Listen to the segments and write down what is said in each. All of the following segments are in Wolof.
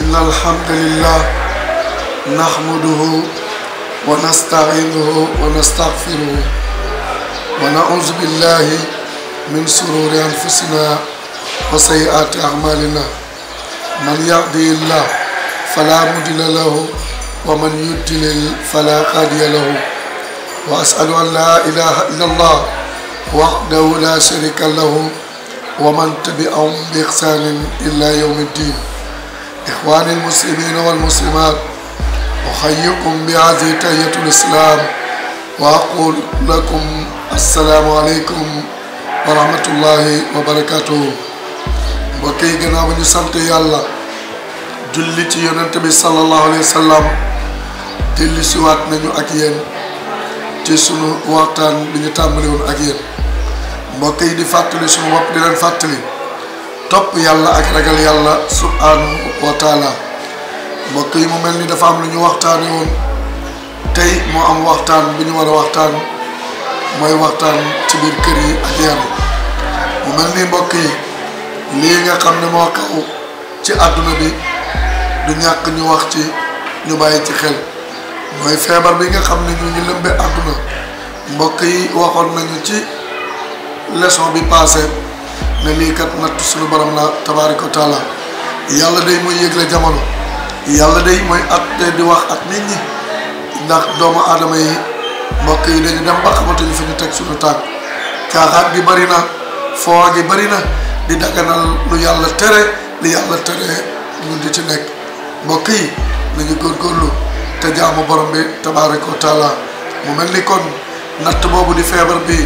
إن الحمد لله نحمده ونستعينه ونستغفره ونعوذ بالله من شرور أنفسنا وسيئات أعمالنا من يهدي الله فلا مضل له ومن يضلل فلا هادي له وأسأل أن لا إله إلا الله وحده لا شريك له ومن تبعهم بإحسان إلى يوم الدين إخواني المسلمين والمسلمات أحييكم بهذه تحية الإسلام وأقول لكم السلام عليكم wa rahmatullahi wa barakatuhu mbokk yi gannaaw ba ñu sant yàlla julli ci yonent bi sallallahu alayhi wa sallam dellu siwaat nañu ak yéen ci sunu waxtaan bi ñu tàmbali ak yéen mbokk di fàttali sunu bopp di leen fàttali topp yàlla ak ragal yàlla subhanahu wa mbokk yi mu mel ni dafa am lu ñu waxtaan woon tey moo am waxtaan bu ñu war a waxtaan mooy waxtaan ci biir kër yi ak yaram mu mel ni mbokk yi lii nga xam ne moo xew ci àdduna bi du ñàkk ñu wax ci ñu bàyyi ci xel mooy feebar bi nga xam ne ñu ngi lëmbe àdduna mbokk yi waxoon nañu ci leçon bi passé ne lii kat natt suñu borom la tabaaraka wa taala yàlla day mooy yëgle jamono yàlla day mooy at di wax at nit ñi ndax doomu aadama yi mbokk yi dañu dem ba xamatuñu fi ñu teg suñu tànk caaxaan gi bari na foo gi bari na di daganal lu yàlla tere li yàlla tere ñu di ci nekk mbokk yi nañu góorgóorlu te jaamu borom bi tabaaraka wa taala mu mel ni kon natt boobu di feebar bi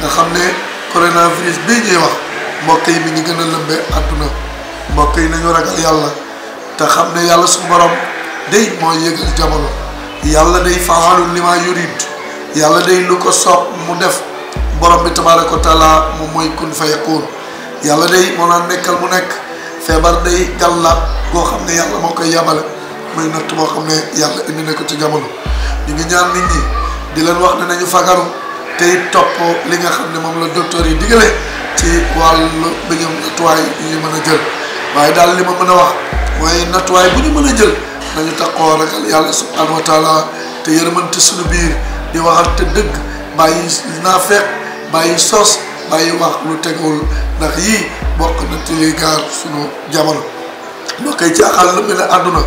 nga xam ne coronavirus bii ñuy wax mbokk yi mi ngi gën a lëmbee àdduna mbokk yi nañu ragal yàlla te xam ne yàlla su borom day mooy yëgal jamono yàlla day faalu li ma yurid yàlla day lu ko soob mu def borom bi tabaaraka wa taala mu mooy kun fayakoon yàlla day moo naan nekkal mu nekk feebar day gàllaat boo xam ne yàlla moo koy yabale muy natt boo xam ne yàlla indi na ko ci jamono ñu ngi ñaan nit ñi di leen wax ne nañu fagaru tey topp li nga xam ne moom la docteur yi digale ci wàllu bi ñoom nattuwaay yu ñu mën a jël waaye daal li ma mën a wax mooy nattuwaay bu ñu mën a jël nañu takkoo ragal yàlla subhanahu wa taala te yërëmante suñu biir di waxal te dëgg bàyyi naafeq bàyyi sos bàyyi wax lu tegul ndax yii bokk na ci liy suñu jamono moo koy jaaxal lu mel àdduna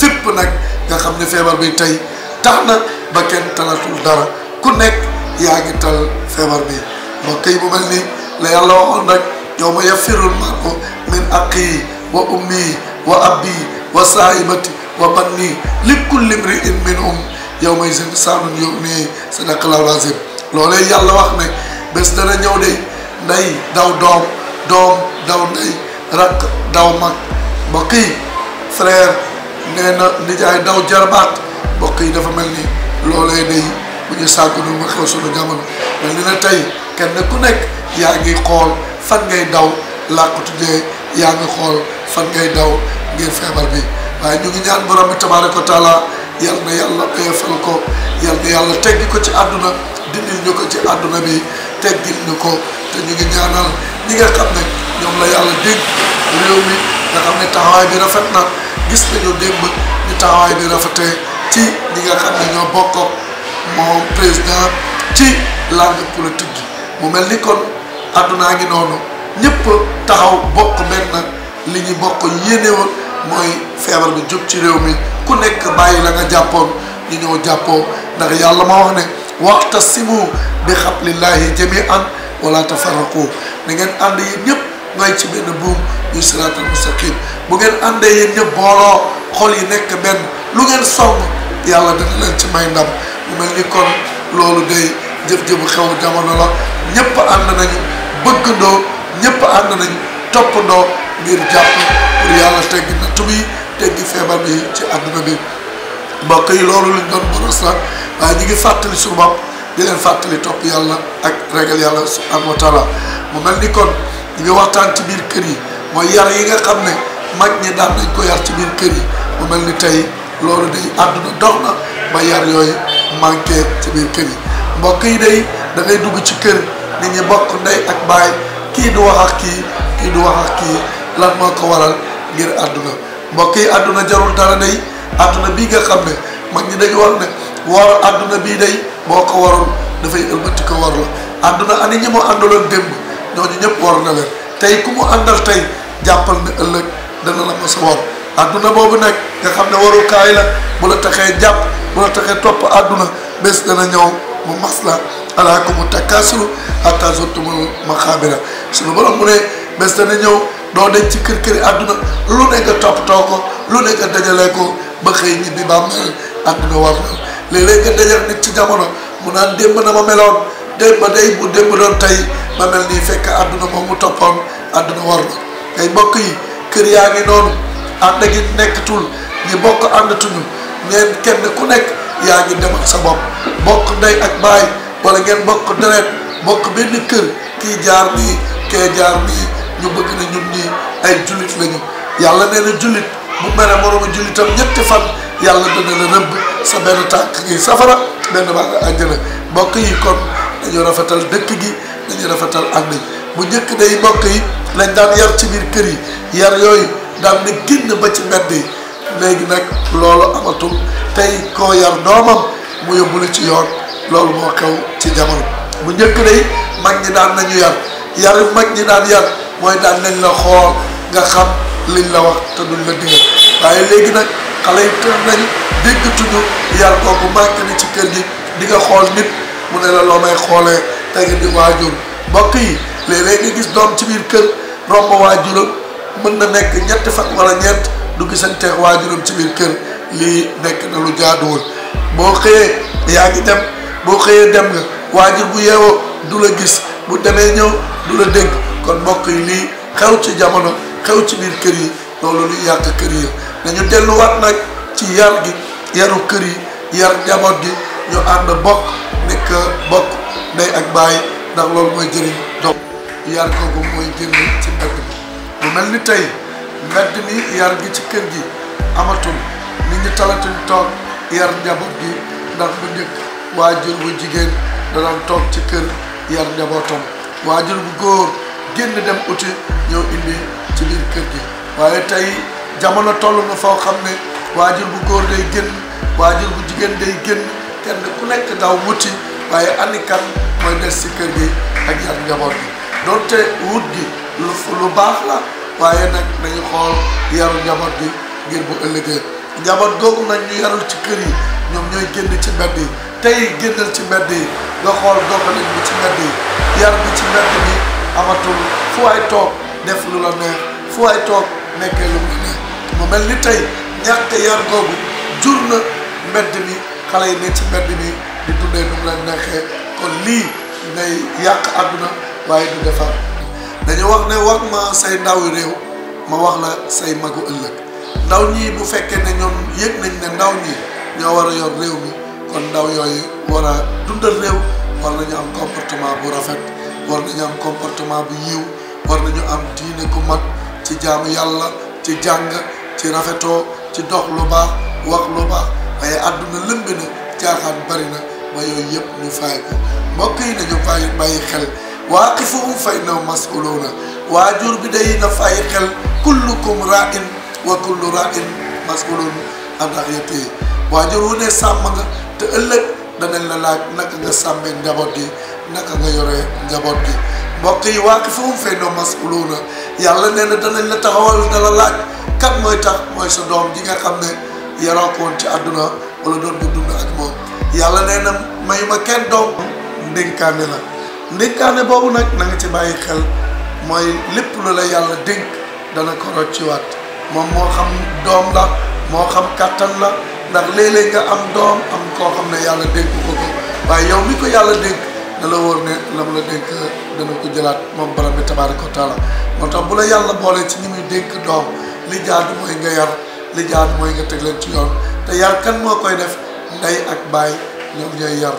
fépp nag nga xam ne feebar bi tey tax na ba kenn talatul dara ku nekk yaa ngi tal feebar bi moo koy bu mel nii la yàlla waxoon rek yow ma yafirul mar'u min aqi wa ummi wa abi wa saahibati wa banni li kulli imri'in minhum yow may seen saanun yow nii sadaqallaahu l-aziim loolee yàlla wax ne bés dana ñëw de ndey daw doom doom daw ndey rakk daw mag mbokk yi nee na nijaay daw jarbaat mbokk yi dafa mel ni loolee day bu ñu sàgg nu ma xew sunu jamono mel ni na tey kenn ku nekk yaa ngi xool fan ngay daw làqatu jee yaa ngi xool fan ngay daw ngir feebar bi waaye ñu ngi ñaan borom bi tabaaraka wa taala yal na yàlla oyofal ko yal na yàlla teggi ko ci àdduna dindil ñu ko ci àdduna bi teggil ñu ko te ñu ngi ñaanal ñi nga xam ne ñoom la yàlla dégg réew mi nga xam ne taxawaay bi rafet na gis nañu démb ñu taxawaay bi rafetee ci ñi nga xam ne ñoo bokk moom président ci langue politique mu mel ni kon addunaa ngi noonu ñëpp taxaw bokk benn li ñu bokk yéene woon mooy feebar bi jub ci réew mi ku nekk bàyyi la nga jàppoon ñu ñëw jàppoo ndax yàlla ma wax ne wa'tasimu bi hablillahi jami'an wala tafarraqu na ngeen ànd yéen ñëpp ngay ci benn buum ñu siraatal mustaqim bu ngeen àndee yéen ñëpp booloo xool yi nekk benn lu ngeen song yàlla dina leen ci may ndam mu mel ni kon loolu day jëf-jëfu xew jamono la ñëpp ànd nañu bëggandoo ñëpp ànd nañ toppandoo ngir jàpp pour yàlla teggi natt bi teggi feebar bi ci àdduna bi mbokk yi loolu lañ doon mën a waaye ñu ngi fàttali suñu bopp di leen fàttali topp yàlla ak régal yàlla subhanahu wa mu mel ni kon ñu ngi waxtaan ci biir kër yi mooy yar yi nga xam ne mag ñi daan nañ ci biir kër yi mu mel ni tey loolu di àdduna dox na ba yar yooyu manqué ci biir kër yi mbokk yi day da dugg ci kër nit ñi bokk ndey ak baay kii du wax ak kii kii du wax kii lan moo ko waral ngir àdduna mbokk yi àdduna jarul dara day àdduna bii nga xam ne mag ñi dañu wax ne war àdduna bii day boo ko warul dafay ëlbati ko war la àdduna ani ñi mu àndaloon démb ñooñu ñëpp war na leen tey ku mu àndal tey jàppal ne ëllëg dana la moo a war àdduna boobu nekk nga xam ne warukaay la bu la taxee jàpp bu la taxee topp àdduna bés dana ñëw mu mas la alaa ko mu takkasulu hatta zurtumul su suñu borom mu ne bés dana ñëw doo denc ci kër këri àdduna lu ne nga toppatoo ko lu ne nga dajalee ko ba xëy ñibbi ba mel àdduna war na léeg-léeg nga ci jamono mu naan démb na ma meloon démb day bu démb doon tey ma mel fekk àdduna moom mu toppoon àdduna mbokk yi kër yaa ngi noonu ànd gi nekkatul ñi bokk àndatuñu ñeen kenn ku nekk yaa ngi dem ak sa bopp bokk dey ak baay wala ngeen bokk deret bokk benn kër kii jaar nii kee jaar nii ñu bëgg na ñun nii ay jullit lañu yàlla nee na jullit bu mere moroomu jullitam ñetti fan yàlla dana la rëbb sa benn tànk ngi safara benn baa nga àjjana mbokk yi kon dañu rafetal dëkk gi dañu rafetal ànd bu njëkk day mbokk yi nañ daan yar ci biir kër yi yar yooyu daan na génn ba ci mbedd yi léegi nag loolu amatul tey koo yar doomam mu yóbbu la ci yoon loolu moo xew ci jamono bu njëkk day mag ñi daan nañu yar yar mag ñi daan yar mooy daan nañ la xool nga xam liñ la wax te duñ la digal waaye léegi nag xale yi tër nañ déggatuñu yar kooku manqué ni ci kër gi di nga xool nit mu ne la loo may xoolee tey di waajur mbokk yi léeg-léeg nga gis doom ci biir kër romb waajuram mën na nekk ñetti fan wala ñeent du gisanteeg waajuram ci biir kër li nekk na lu jaaduwul boo xëyee yaa ngi dem boo xëyee dem nga waa bu yeewoo du la gis bu demee ñëw du la dégg kon mbokk yi lii xew ci jamono xew ci biir kër yi loolu lu yàq kër yi dañu delluwaat nag ci yar gi kër yi yar njaboot gi ñu ànd bokk nekk bokk ndey ak bàyyi ndax loolu mooy jëriñ doom yar kooku mooy jëriñ ci mbedd bu mel ni tey mbedd mi yar gi ci kër gi amatul nit ñi talatul yar njaboot gi ndax bu njëkk waajur bu jigéen danañ toog ci kër yar njabootam waajur bu góor génn dem uti ñëw indi ci biir kër gi waaye tey jamono toll na foo xam ne waajur bu góor day génn waajur bu jigéen day génn kenn ku nekk daw wuti waaye ani mooy des ci kër gi ak yar njaboot gi donte wut gi lu lu baax la waaye nag dañu xool yaru njaboot gi ngir bu ëllëgee njaboot googu nag ñu yarul ci kër yi ñoom ñooy génn ci mbedd yi tey génnal ci mbedd yi nga xool doxalin bi ci mbedd yi yar bi ci mbedd bi amatul fu waay toog def lu la neex fu waay toog nekkee lu la neex mu mel ni tey ñàkk yar googu jur na mbedd mi xale yi ne ci mbedd mi di dundee nu la neexee kon lii ngay yàq àdduna waaye du defar dañu wax ne wax ma say ndawi réew ma wax la say magu ëllëg ndaw ñii bu fekkee ne ñoom yëg nañ ne ndaw ñi ñoo war a yor réew mi kon ndaw yooyu war a dundal réew war nañu am comportement bu rafet war nañu am comportement bu yiw war nañu am diine gu mag ci jaam yàlla ci jàng ci rafetoo ci dox lu baax wax lu baax waaye àdduna lëmb na caaxaan bari na ba yooyu yëpp ñu fay ko mbokk yi nañu bàyyi bàyyi xel waaqifuhum fa innahum mas'uluuna waajur bi day na fay xel kullukum ra'in wa kullu ra'in mas'ulun an ra'iyatihi waajur wu ne sàmm nga te ëllëg danañ la laaj naka nga sàmmee njaboot gi naka nga yore njaboot gi mbokk yi waaqifun fayna mas'uluuna yàlla nee na danañ la taxawal dala laaj kat mooy tax mooy sa doom ji nga xam ne yaroo ci àdduna wala doon ko dund ak moom yàlla nee na may ma kenn doom ndénkaane la ndénkaane boobu nag na ci bàyyi xel mooy lépp lu la yàlla dénk dana ko rocciwaat moom moo xam doom la moo xam kàttan la ndax léeg nga am doom am koo xam ne yàlla dénk ko ko waaye yow mi ko yàlla dénk na la ne la mu la dénk dana ko jëlaat moom borom bi tabaaraka wa taala moo tax bu la yàlla boole ci ñi muy dénk doom li jaadu nga yar li jaadu mooy nga teg leen ci yoon te yar kan moo koy def ndey ak baay ñoom ñooy yar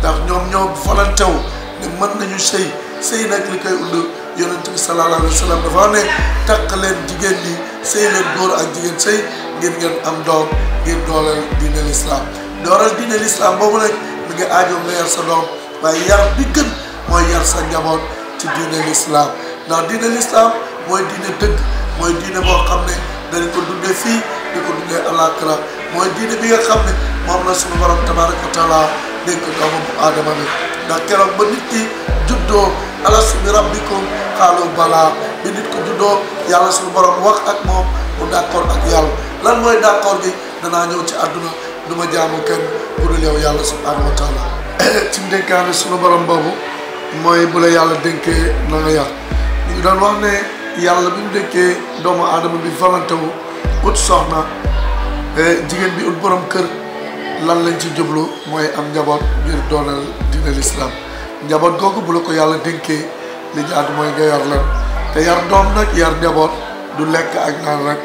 ndax ñoom ñoo falantew ne mën nañu sëy sëy nag li koy udd yonent bi sallallahu alayhi wa sallam dafa jigéen ñi sëy leen góor ak jigéen sëy ngir ngeen am doom ngir dooleel diine lislaam dooleel diine lislaam boobu nag mi ngi aajo nga yar sa doom waaye yar bi gën mooy yar sa njaboot ci diine lislaam ndax diine lislaam mooy diine dëgg mooy diine boo xam ne dañ ko dundee fii di ko dundee àllaaxira mooy diine bi nga xam ne moom la suñu borom tabaaraka wa taala dénk doomu aadama bi ndax keroog ba nit ki juddoo ala subi rabbikum xaalu bi nit ku juddoo yàlla suñu borom wax ak moom mu d'accord ak yàlla lan mooy d'accord bi danaa ñëw ci àdduna du ma jaamu kenn ku dul yàlla subhaanahu wa taala ci ndénkaane suñu borom boobu mooy bula yàlla dénkee na nga yar ñu doon wax ne yàlla bi mu dénkee doomu aadama bi volonté wu ut soxna eh, jigéen bi ut borom kër lan lañ ci jublu mooy am njaboot ngir doonal diine l'islam njaboot googu bula ko yàlla dénkee li jaadu mooy nga te yar doom nag yar njaboot du lekk ak naan rek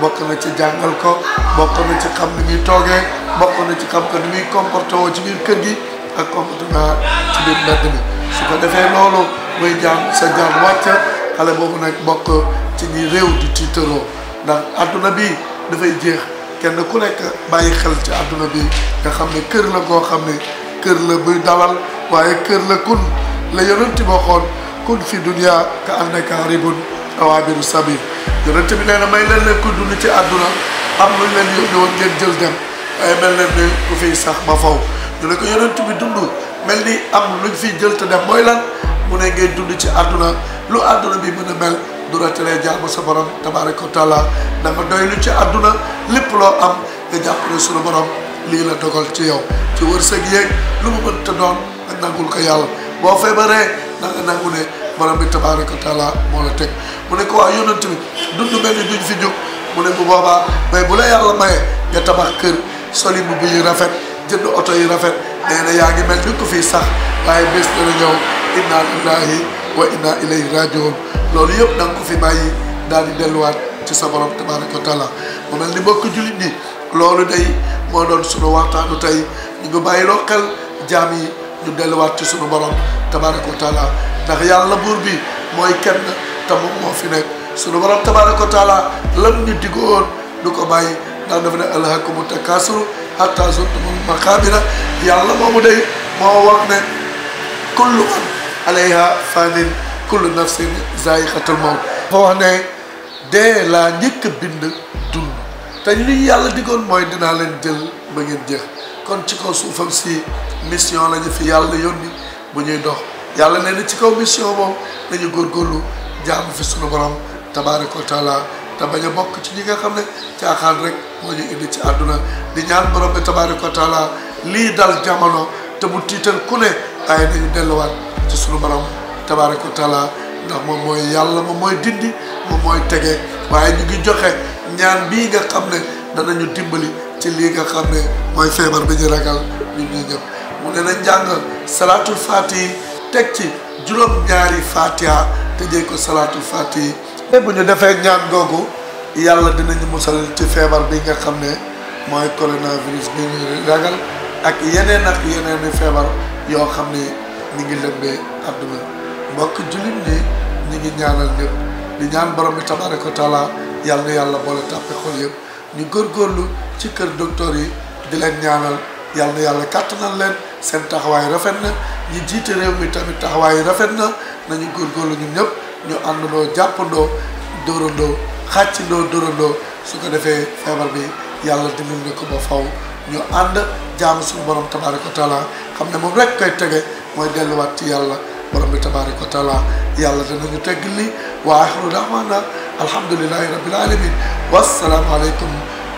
bokk na ci jàngal ko bokk na ci xam ni ñuy toogee bokk na ci xam que ni muy comporté woo ci biir kër gi ak comportement ci biir mbedd mi su ko defee loolu muy jàng sa jàng wàcc xale boobu nag bokk ci ñi réew di tiitaroo ndax àdduna bi dafay jeex kenn ku nekk bàyyi xel ci àdduna bi nga xam ne kër la koo xam ne kër la buy dalal waaye kër la kun la yonent boo xool kun fi dunya ka annaka aribun aw abiru sabil yonent bi nee na may leen leen ko dund ci àdduna am lu leen yónni ngeen jël dem ay mel leen ni ku fiy sax ba faw ñu ne ko dund mel ni am luñ fiy jël te dem mooy lan mu ne ngay dund ci àdduna lu àdduna bi mën a mel du la teree jaamu sa borom tabaaraka wa taala da doy lu ci àdduna lépp loo am nga jàpp ne sunu borom lii la dogal ci yow ci sëg yeeg lu mu mënta doon ak nangul ko yàlla boo feebaree da nga nangu ne borom bi tabaaraka taala moo la teg mu ne ko waa yonent bi dund mel ni duñ fi jóg mu ne bu boobaa mais bu la yàlla maye nga tabax kër soli mbubb yi rafet jënd oto yi rafet nee na yaa ngi mel ni ko fii sax waaye bés dana ñëw inna lillahi wa inna ilayhi rajiun loolu yëpp da ko fi bàyyi daal di delluwaat ci sa borom tabaaraka taala mu mel ni mbokk jullit ñi loolu day moo doon sunu waxtaanu tey ñu ngi bàyyiloo xel jaam yi ñu delluwaat ci suñu borom tabaraka wa taala ndax yàlla buur bi mooy kenn te moo fi nekk suñu borom tabaraka wa taala lam ñu digoon du ko bàyyi ndax dafa ne alhakumu takaasuru hatta zurtumul maqaabira yàlla moomu day moo wax ne kullu man alayha fanin kullu nafsin zaiqatul mawt dafa wax ne dee laa njëkk bind dund te li yàlla digoon mooy dinaa leen jël ba ngeen jeex kon ci kaw suufam si mission lañu ñu fi yàlla yónni bu ñuy dox yàlla nee na ci kaw mission boobu nañu góorlu jaamu fi sunu borom tabaaraka wa taala te bañ a bokk ci ñi nga xam ne caaxaan rek moo ñu indi ci àdduna di ñaan borom bi tabaaraka wa taala lii dal jamono te mu tiital ku ne ay nañu delluwaat ci sunu borom tabaaraka ko taala ndax moom mooy yàlla moom mooy dindi moom mooy tege waaye ñu ngi joxe ñaan bii nga xam ne danañu dimbali ci lii nga xam ne mooy feebar bi ñu ragal ñun ñii ñëpp mu ne na jàng salaatu faati teg ci juróom-ñaari fatiha te jëy ko salaatul faati te bu ñu defee ñaan googu yàlla dinañu musal ci feebar bi nga xam ne mooy coronavirus bi ñu ragal ak yeneen ak yeneen i feebar yoo xam ne ñu ngi lëmbee àdduna mbokk jullit ñi ñu ngi ñaanal ñëpp di ñaan borom bi tabaraka taala yàlla na yàlla boole tàppe xol yëpp ñu góorgóorlu ci kër docteur yi di leen ñaanal yàlla yàlla yàlla kàttanal leen seen taxawaay rafet na ñi jiite réew mi tamit taxawaay rafet na nañu góor góorgóorlu ñu ñëpp ñu àndandoo jàppandoo dóorandoo xàccandoo dóorandoo su ko defee feebar bi yàlla dimbal na ko ba faw ñu ànd jaamu suñu borom tabaaraka wa taala xam ne moom rek koy tege mooy delluwaat ci yàlla borom bi tabaaraka wa taala yàlla ñu tegg li wa axiru daawaana alhamdulillahi rabbil alamin wassalaamu